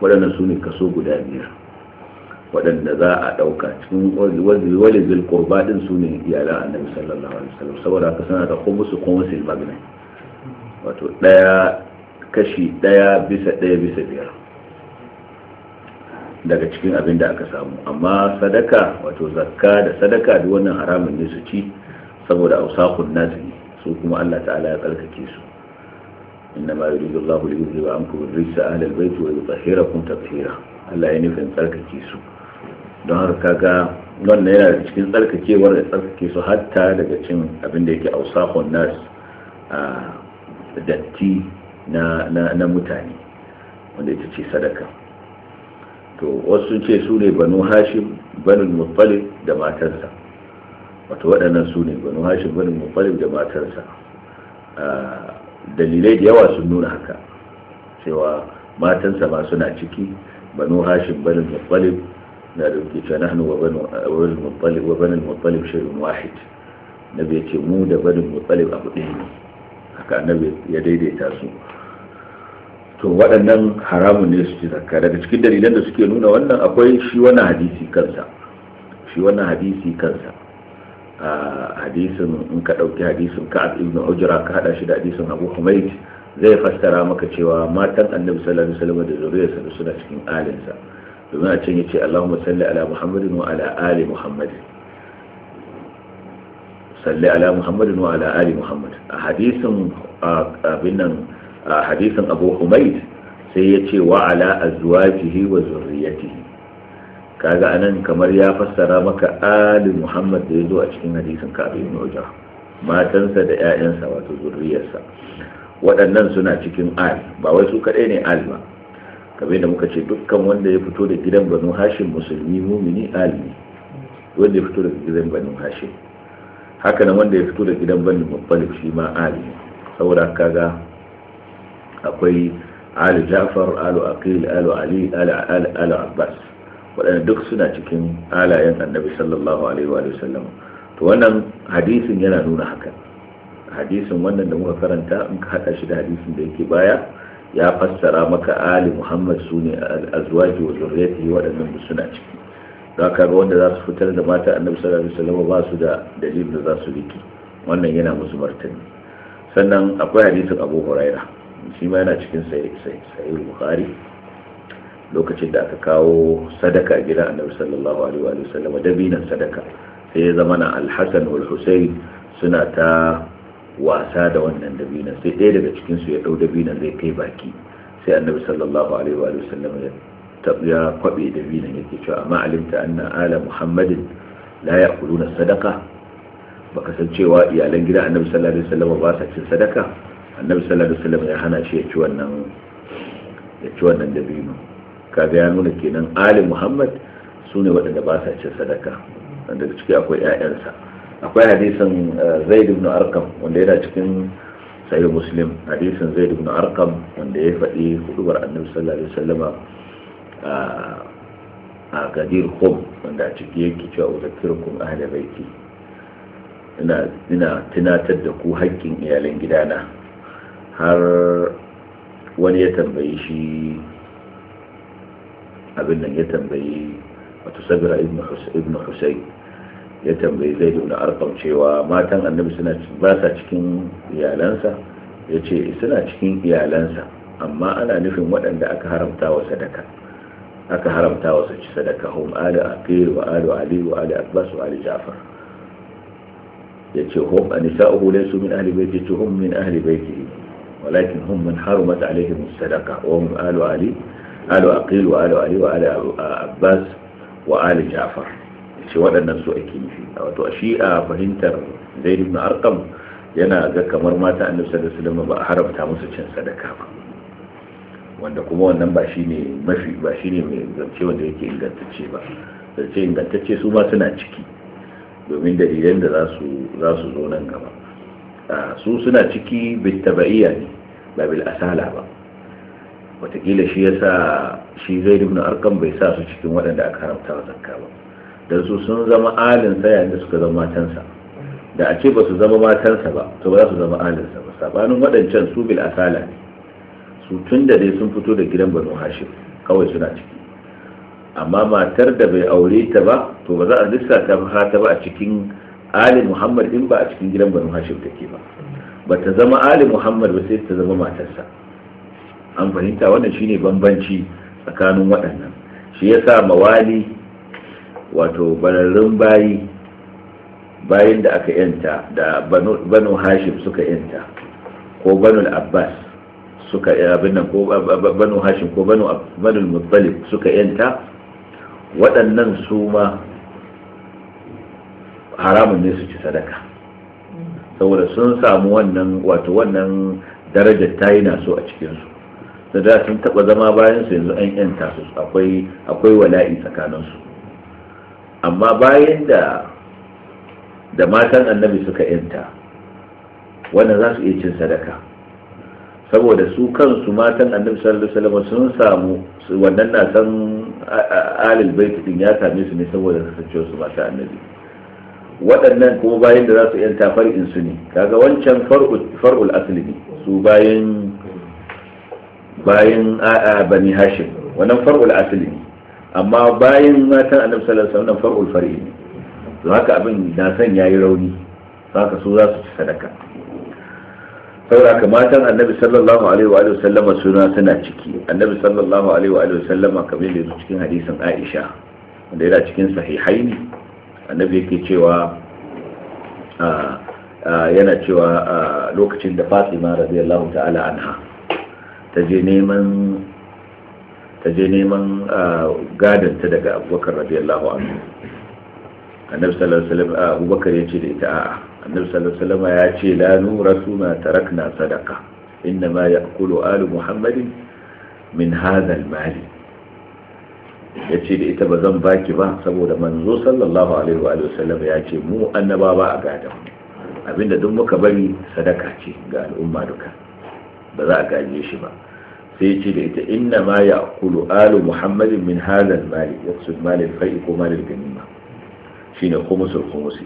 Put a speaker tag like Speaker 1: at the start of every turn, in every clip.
Speaker 1: waɗannan su ne kaso guda biyar waɗanda za a ɗauka cikin wani zil ba ɗin su ne iyalan annabi sallallahu alaihi wasallam saboda haka suna da khumusu khumusil magna wato ɗaya kashi ɗaya bisa ɗaya bisa biyar daga cikin abin da aka samu amma sadaka wato zakka da sadaka duk wannan haramun ne su ci saboda ausakun nazi su kuma Allah ta'ala ya tsarkake su إنما يريد الله ليذهب عنكم الرجس أهل البيت ويطهركم تطهيرا Allah ya nufin tsarkake su don haka kaga wannan yana da cikin tsarkakewar da tsarkake su hatta daga cin abin da yake ausakon nas datti na mutane wanda ita ce sadaka to wasu ce su ne banu hashim banu muttalib da matarsa wato waɗannan su ne banu hashim banu muttalib da matarsa dalilai da yawa sun nuna haka cewa matansa ma suna ciki banu hashim banin muttalib na da ke cewa na wa wa banin muttalib shirin wahid nabi ya ce mu da banin muttalib abu ɗaya ne haka annabi ya daidaita su to waɗannan haramun ne su ci zakka daga cikin dalilan da suke nuna wannan akwai shi wannan hadisi kansa shi wannan hadisi kansa hadisin in ka ɗauki hadisin ka'ab ibn ujra ka haɗa shi da hadisin abu humayt zai fassara maka cewa matan annabi sallallahu alaihi wasallam da zuriyarsa da suna cikin alinsa domin a can yace Allahumma salli ala Muhammadin wa ala ali Muhammad salli ala Muhammadin wa ala ali Muhammad a hadisin abin nan a hadisin Abu Humayd sai yace wa ala azwajihi wa zurriyatihi kaga anan kamar ya fassara maka ali muhammad da ya zo a cikin hadisin ka'ab ibn matansa da 'ya'yansa wato zurriyarsa waɗannan suna cikin al ba wai su kaɗai ne al ba kamar da muka ce dukkan wanda ya fito da gidan banu hashim musulmi mumini al ne wanda ya fito da gidan banu hashim haka nan wanda ya fito da gidan banu muttalib shi ma al ne saboda kaga akwai al ja'far al aqil al ali al al abbas waɗanda duk suna cikin halayen annabi sallallahu alaihi wa sallam to wannan hadisin yana nuna haka hadisin wannan da muka karanta in ka haɗa shi da hadisin da yake baya ya fassara maka ali muhammad su ne azwaji wa zurriyati waɗannan da suna ciki za ka ga wanda za su fitar da mata annabi sallallahu alaihi wasallam ba su da dalilin da za su riki wannan yana musu martani sannan akwai hadisin abu huraira shi ma yana cikin sahih bukhari lokacin da aka kawo sadaka a gidan annabi sallallahu alaihi wa sallam dabinan sadaka sai ya zama na alhassan wal suna ta wasa da wannan dabinan sai ɗaya daga cikin su ya ɗau dabinan zai kai baki sai annabi sallallahu alaihi wa sallam ya ya kwabe dabinan yake cewa amma alimta anna ala muhammadin la yaquluna sadaka baka san cewa iyalan gidan annabi sallallahu alaihi wa sallam ba sa cin sadaka annabi sallallahu alaihi wa sallam ya hana shi ya ci wannan ya ci wannan dabinan kaga ya nuna kenan ali muhammad su ne waɗanda ba sa cin sadaka wanda ciki akwai 'ya'yansa akwai hadisin eh, zaid ibn arkam wanda yana cikin sayi muslim hadisin zaid ibn arkam wanda ya faɗi hudubar annabi sallallahu alaihi wasallama eh, a gadir khum wanda a ciki yake cewa uzakirukum ahla baiti ina ina tunatar da ku haƙƙin iyalan gidana har wani ya tambayi shi abin nan ya tambayi wato sabira ibn husay ya tambayi zai da arkam cewa matan annabi suna ba sa cikin iyalansa ya ce suna cikin iyalansa amma ana nufin waɗanda aka haramta wa sadaka aka haramta wa saci sadaka hum ali aqil wa ali ali wa ali abbas wa ali ja'far yace hum anisa'uhu su min ahli tu hum min ahli baiti walakin hum min harumat alaihim sadaka wa hum ali ali alu aqil wa alu ali wa alu abbas wa alu ja'far shi waɗannan su ake nufi wato shi a fahimtar zaid ibn arqam yana ga kamar mata annabi sallallahu alaihi wasallam ba a haramta musu cin sadaka ba wanda kuma wannan ba shine mafi ba shine mai zance wanda yake ingantacce ba zance ingantacce su ma suna ciki domin dalilan da za su zo nan gaba su suna ciki bitaba'iyya ne ba bil asala ba watakila shi ya sa shi zai ibn arkan bai sa su cikin waɗanda aka haramta wa zakka ba da su sun zama alin sa yayin da suka zama matansa da a ce ba su zama matansa ba to ba za su zama alinsa ba sabanin waɗancan su bil asala ne su tun da dai sun fito da gidan banu hashim kawai suna ciki amma matar da bai aure ta ba to ba za a lissata ta ba a cikin alin muhammad din ba a cikin gidan banu hashim take ba ba ta zama alin muhammad ba sai ta zama matarsa an fahimta wannan shine bambanci tsakanin waɗannan shi ya sa mawali wato bararrun bayi bayin da aka yanta da banu hashim suka yanta ko banu abbas suka abin nan ko banu hashim ko banu banu muttalib suka yanta waɗannan su ma haramun ne su ci sadaka saboda sun samu wannan wato wannan darajar ta yi naso a cikinsu da da sun taɓa zama bayan su yanzu an yanta su akwai akwai wala'i tsakaninsu amma bayan da da matan annabi suka yanta wannan za su iya cin sadaka saboda su kansu matan annabi sallallahu alaihi wasallam sun samu wannan na san alil bait din ya same su ne saboda kasancewar su matan annabi waɗannan kuma bayan da za su yanta far'in su ne kaga wancan far'ul asli ne su bayan bayan bani hashim wannan far'ul asali amma bayan matan annabi sallallahu alaihi wasallam far'ul far'i ne don haka abin da san yayi rauni haka su za su ci sadaka saboda matan annabi sallallahu alaihi wa sallama suna suna ciki annabi sallallahu alaihi wa sallama kamar da cikin hadisin aisha wanda yana cikin sahihaini annabi yake cewa yana cewa lokacin da fatima radiyallahu ta'ala anha ta je neman ta gadanta daga abubakar radiyallahu anhu annabi sallallahu alaihi wasallam abubakar ya ce da ita a'a annabi sallallahu alaihi wasallam ya ce la nurasu ma tarakna sadaka inna ma ya'kulu alu muhammadin min hadha mali ya ce da ita ba zan baki ba saboda manzo sallallahu alaihi wa sallam ya ce mu annaba ba a gadan abinda duk muka bari sadaka ce ga al'umma duka ba za a gaje shi ba sai ce da ita inna ma ya kulu alu muhammadin min halal mali ya su malin fa'i ko malin ganima shi ne kumusul kumusi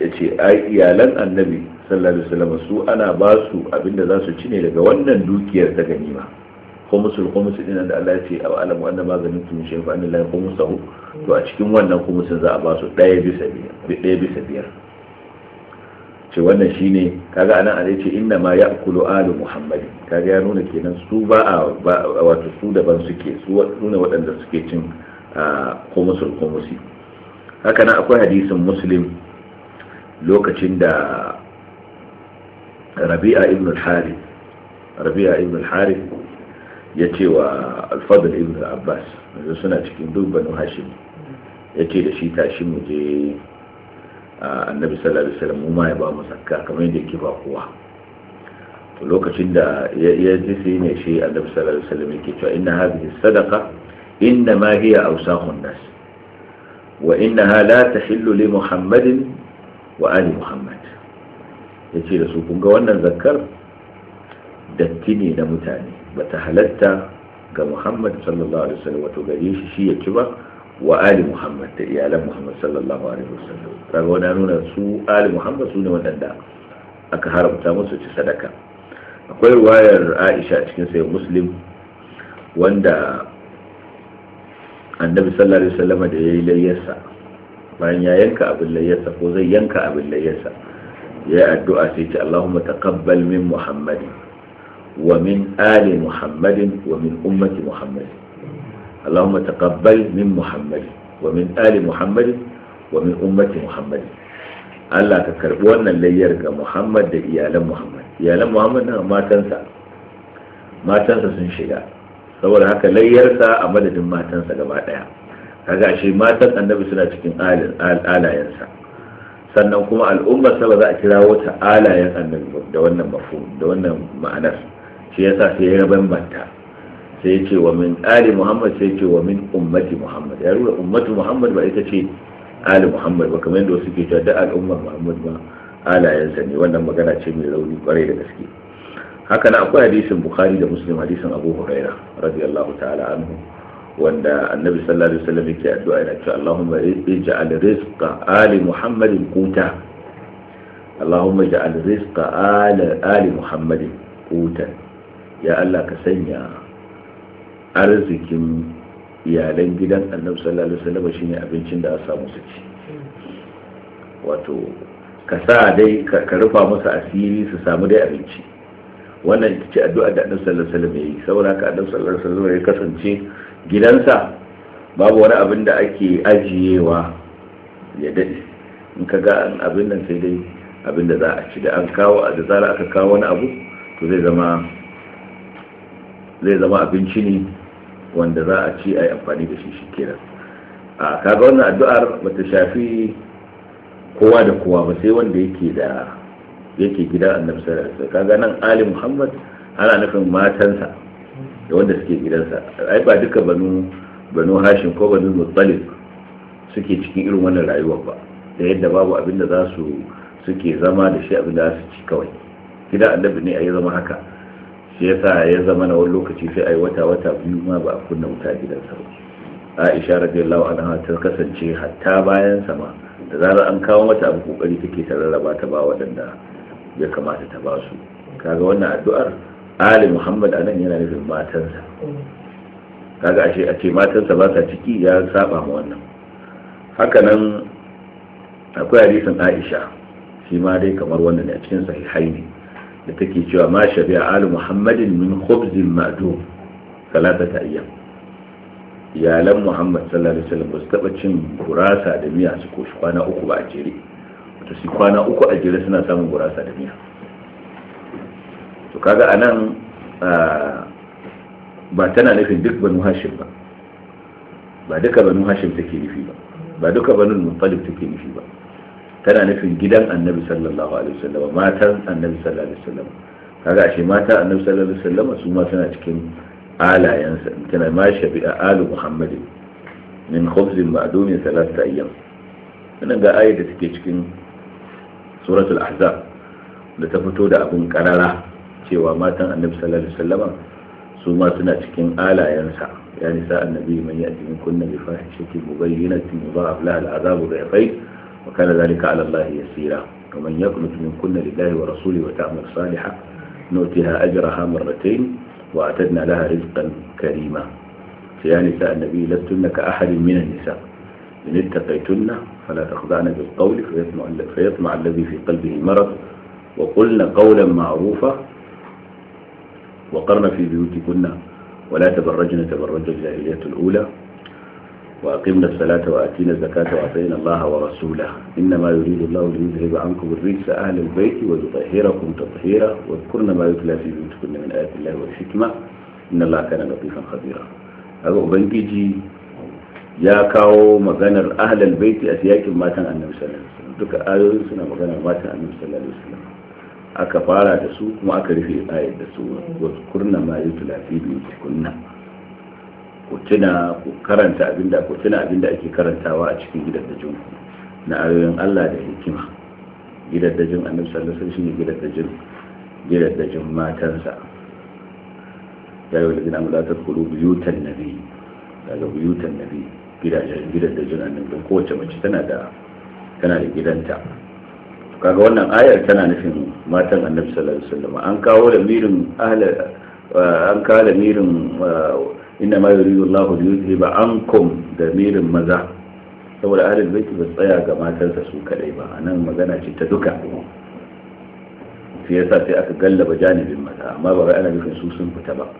Speaker 1: ya ce a iyalan annabi sallallahu alaihi wasallam su ana ba su abinda za su ci ne daga wannan dukiyar ta ganima kumusul kumusi din da Allah ya ce a alamu anna maganin ganin tun shi fa annallahi kumusahu to a cikin wannan kumusin za a ba su daya bisa biyar ce wannan shine kaga anan a ce inna ma ya kulu alu muhammad kaga ya nuna kenan su ba a wato su daban suke su nuna waɗanda suke cin kumusul kumusi haka nan akwai hadisin muslim lokacin da rabi'a ibn al-harith rabi'a ibn al-harith ya ce wa alfadar ibn abbas suna cikin dubban hashim ya ce da shi tashi mu je annabi sallallahu alaihi wasallam mu ma ya ba mu zakka kamar yadda yake ba kowa to lokacin da ya ji sai ne shi annabi sallallahu alaihi wasallam yake cewa inna hadhihi sadaqa inna ma hiya awsakhun nas wa innaha la tahillu li muhammadin wa ali muhammad yace da su kun ga wannan zakkar datti ne na mutane bata halatta ga muhammad sallallahu alaihi wasallam wato gare shi shi ya ci ba wa ali muhammad da iyalan muhammad sallallahu alaihi wasallam kaga wani nuna su ali muhammad su ne waɗanda aka haramta musu ci sadaka akwai ruwayar aisha cikin sayi muslim wanda annabi sallallahu alaihi wasallam da ya yi layyarsa bayan ya yanka abin layyarsa ko zai yanka abin layyarsa ya yi addu'a sai ce allahumma taqabbal min muhammadin wa min ali muhammadin wa min ummati muhammadin اللهم تقبل من محمد ومن آل محمد ومن أمة محمد Allah ka karbi wannan layyar ga Muhammad da iyalan Muhammad iyalan Muhammad na matansa sun shiga saboda haka layyarsa a madadin matansa gaba ɗaya. kaga ashe matan annabi suna cikin alayensa sannan kuma al'ummar sa ba za a kirawo ta alayen da wannan ma'anar shi yasa sai ya bambanta sai ya ce wa min ali muhammad sai ya ce wa min ummati muhammad ya rura ummatu muhammad ba ita ce ali muhammad ba kamar yadda wasu ke cewa da al'ummar muhammad ba alayensa ne wannan magana ce mai rauni kwarai da gaske haka na akwai hadisin bukhari da muslim hadisin abu huraira radiyallahu ta'ala anhu wanda annabi sallallahu alaihi wasallam yake addu'a yana cewa Allahumma ij'al rizqa ali Muhammadin quta Allahumma ij'al rizqa ali Muhammadin quta ya Allah ka sanya arzikin iyalan gidan annabi sallallahu alaihi wasallam shine abincin da a samu su ci wato ka sa dai ka rufa musu asiri su samu dai abinci wannan ita ce addu'a da annabi sallallahu alaihi wasallam yayi saboda ka annabi sallallahu alaihi wasallam ya kasance gidansa babu wani abin da ake ajiyewa ya dade in ka ga abin nan sai dai abin da za a ci da an kawo a da zara aka kawo wani abu to zai zama zai zama abinci ne wanda za a ci a yi amfani da shi shikenan a kaga wannan addu'ar ba ta shafi kowa da kowa ba sai wanda yake da yake gidan annabi sallallahu alaihi wasallam kaga nan ali muhammad ana nufin matansa da wanda suke gidansa ai ba duka banu banu hashim ko banu muttalib suke cikin irin wannan rayuwar ba da yadda babu abin da za su suke zama da shi abin da za su ci kawai gidan annabi ne a yi zama haka shi yasa ya zama na wani lokaci sai a yi wata wata biyu ma ba a kunna wuta gidansa ba aisha lawa anha ta kasance hatta bayan sama da zarar an kawo mata abu kokari take ta rarraba ta ba waɗanda ya kamata ta ba su kaga wannan addu'ar ali muhammad anan yana nufin matansa kaga ashe a ce matansa ba sa ciki ya saba ma wannan haka nan akwai hadisin aisha shi ma dai kamar wannan ne a cikin sahihai ne da take cewa ma shabi'a alu muhammadin min khubzin ma'dum salatata ayyam iyalan muhammad sallallahu alaihi wasallam ba su taba cin gurasa da miya su koshi kwana uku ba a jere wato su kwana uku a jere suna samun gurasa da miya to kaga anan ba tana nufin duk banu hashim ba ba duka banu hashim take nufi ba ba duka banu muttalib take nufi ba tana nufin gidan annabi sallallahu alaihi wasallam matan annabi sallallahu alaihi wasallam kaga ashe mata annabi sallallahu alaihi wasallam su ma suna cikin alayansa tana ma shabi'a alu muhammadin min khubzin ma'dumin thalathata ayyam wannan ga ayat da take cikin suratul ahzab da ta fito da abin karara cewa matan annabi sallallahu alaihi wasallam su ma suna cikin alayansa ya nisa annabi man ya'ti min kunna bi fahishatin mubayyinatin yudha'af laha al'adabu bi'fayn وكان ذلك على الله يسيرا ومن يقنط من كل لله ورسوله وتعمل صالحا نؤتها أجرها مرتين وأعتدنا لها رزقا كريما فيا نساء النبي لستن كأحد من النساء إن اتقيتن فلا تخضعن بالقول فيطمع, فيطمع الذي في قلبه مرض وقلن قولا معروفا وقرن في بيوتكن ولا تبرجن تبرج الجاهلية الأولى وأقمنا الصلاة وآتينا الزكاة وأطعنا الله ورسوله إنما يريد الله ليذهب عنكم الرجس أهل البيت ويطهركم تطهيرا واذكرن ما يتلى في بيوتكن من آيات الله والحكمة إن الله كان لطيفا خبيرا هذا أبنجي يا كاو مغنر أهل البيت أسياك ما كان النبي صلى الله عليه وسلم دك آيوين سنة مغنر ما كان النبي صلى الله عليه وسلم أكفارا دسو وأكرفي آية دسو واذكرن ما يتلى في بيوتكن ku tuna ku karanta abinda ku tuna abinda ake karantawa a cikin gidaddajin ku na ayoyin Allah da hikima gidaddajin annabi sallallahu alaihi wasallam shine gidaddajin gidaddajin matansa ya yi wajen amulatar kuru buyutan nabi daga buyutan nabi gidajen gidajen annabi don kowace mace tana da tana da gidanta kaga wannan ayar tana nufin matan annabi sallallahu alaihi wasallam an kawo da mirin ahla an kawo da mirin inna ma yuridu Allahu ba yuzhiba ankum damirin maza saboda ahlul baiti ba tsaya ga matarsa su kadai ba anan magana ce ta duka fiye sa sai aka gallaba janibin maza amma ba wai ana nufin su sun fita ba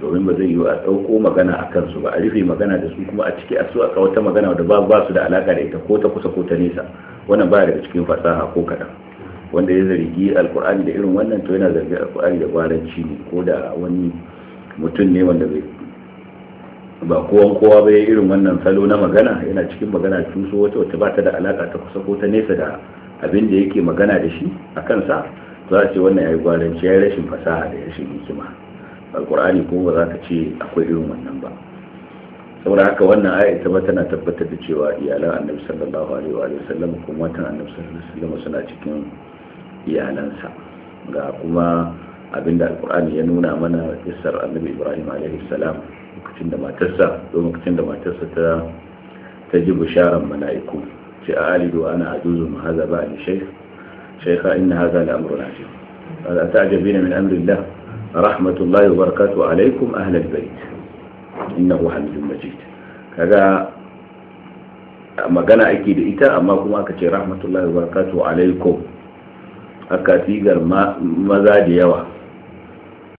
Speaker 1: domin ba zai yiwu a ɗauko magana a kansu ba a rufe magana da su kuma a ciki a su a wata magana da ba su da alaka da ita ko ta kusa ko ta nesa wannan ba daga cikin fasaha ko kaɗan wanda ya zargi alkur'ani da irin wannan to yana zargi alkur'ani da gwaranci ne ko da wani mutum ne wanda bai ba kowan kowa ba irin wannan salo na magana yana cikin magana su wata wata ba ta da alaka ta kusa ko ta nesa da abin da yake magana da shi a kansa za a ce wannan ya yi gwaranci ya yi rashin fasaha da rashin hikima alkur'ani ko ba za ka ce akwai irin wannan ba saboda haka wannan aya ita ba tana tabbatar da cewa iyalan annabi sallallahu alaihi wa sallam kuma matan annabi sallallahu alaihi wa suna cikin iyalansa ga kuma abinda alkur'ani ya nuna mana isar annabi ibrahim alaihi salam lokacin da matarsa lokacin da matarsa ta ta ji bisharar mala'iku ce a alidu ana ajuzu haza ba ni shaykh shaykha inna haza la amrun ala ta'jabina min amri rahmatullahi wa barakatuhu alaykum ahli albayt innahu hamidun majid kaga magana ake da ita amma kuma aka ce rahmatullahi wa barakatuhu alaikum aka maza da yawa